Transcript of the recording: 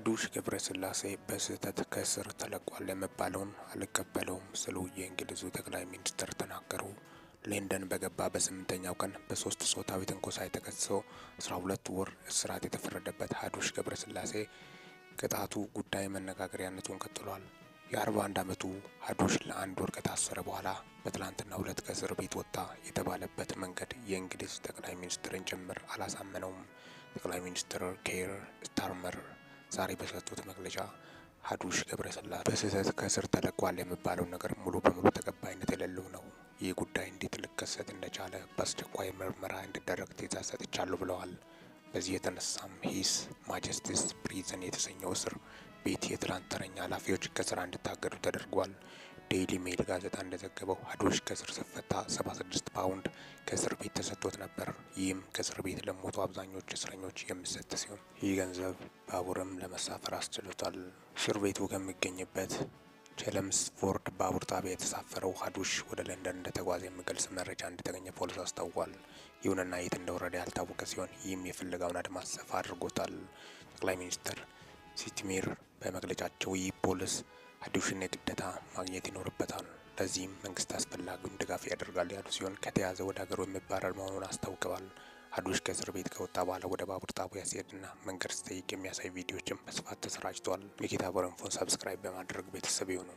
ሀዱሽ ስላሴ በስህተት ከእስር ተለቋል የመባለውን አልቀበለውም ስሉ የእንግሊዙ ጠቅላይ ሚኒስትር ተናገሩ። ሌንደን በገባ በስምንተኛው ቀን በሶስት ጾታዊ ትንኮሳ ተከስሶ 12 ወር እስራት የተፈረደበት ሀዱሽ ስላሴ ቅጣቱ ጉዳይ መነጋገሪያነቱን ቀጥሏል። የ41 ዓመቱ ሀዱሽ ለአንድ ወር ከታሰረ በኋላ በትላንትና ሁለት ከእስር ቤት ወጣ የተባለበት መንገድ የእንግሊዝ ጠቅላይ ሚኒስትርን ጭምር አላሳመነውም። ጠቅላይ ሚኒስትር ኬር ስታርመር ዛሬ በሰጡት መግለጫ ሀዱሽ ገብረስላሴ በስህተት ከእስር ተለቋል የሚባለው ነገር ሙሉ በሙሉ ተቀባይነት የሌለው ነው። ይህ ጉዳይ እንዴት ሊከሰት እንደቻለ በአስቸኳይ ምርመራ እንዲደረግ ትዕዛዝ ሰጥቻለሁ ብለዋል። በዚህ የተነሳም ሂስ ማጀስቲስ ፕሪዝን የተሰኘው እስር ቤት የትላንት ተረኛ ኃላፊዎች ከስራ እንዲታገዱ ተደርጓል። ዴይሊ ሜል ጋዜጣ እንደዘገበው ሀዱሽ ከእስር ስፈታ 76 ፓውንድ ከእስር ቤት ተሰጥቶት ነበር። ይህም ከእስር ቤት ለሞቱ አብዛኞቹ እስረኞች የሚሰጥ ሲሆን ይህ ገንዘብ ባቡርም ለመሳፈር አስችሎታል። እስር ቤቱ ከሚገኝበት ቼልምስፎርድ ባቡር ጣቢያ የተሳፈረው ሀዱሽ ወደ ለንደን እንደተጓዘ የሚገልጽ መረጃ እንደተገኘ ፖሊስ አስታውቋል። ይሁንና የት እንደወረደ ያልታወቀ ሲሆን ይህም የፍለጋውን አድማስ ሰፋ አድርጎታል። ጠቅላይ ሚኒስትር ሲትሚር በመግለጫቸው ይህ ፖሊስ ሀዱሽን የግዴታ ማግኘት ይኖርበታል ለዚህም መንግስት አስፈላጊውን ድጋፍ ያደርጋል ያሉ ሲሆን ከተያዘ ወደ ሀገሩ የሚባረር መሆኑን አስታውቀዋል። አዱሽ ከእስር ቤት ከወጣ በኋላ ወደ ባቡር ጣቢያ ሲሄድና መንገድ ሲጠይቅ የሚያሳይ ቪዲዮዎችም በስፋት ተሰራጭተዋል። ሚኪታ ቦረንፎን ሰብስክራይብ በማድረግ ቤተሰብ ይሁኑ።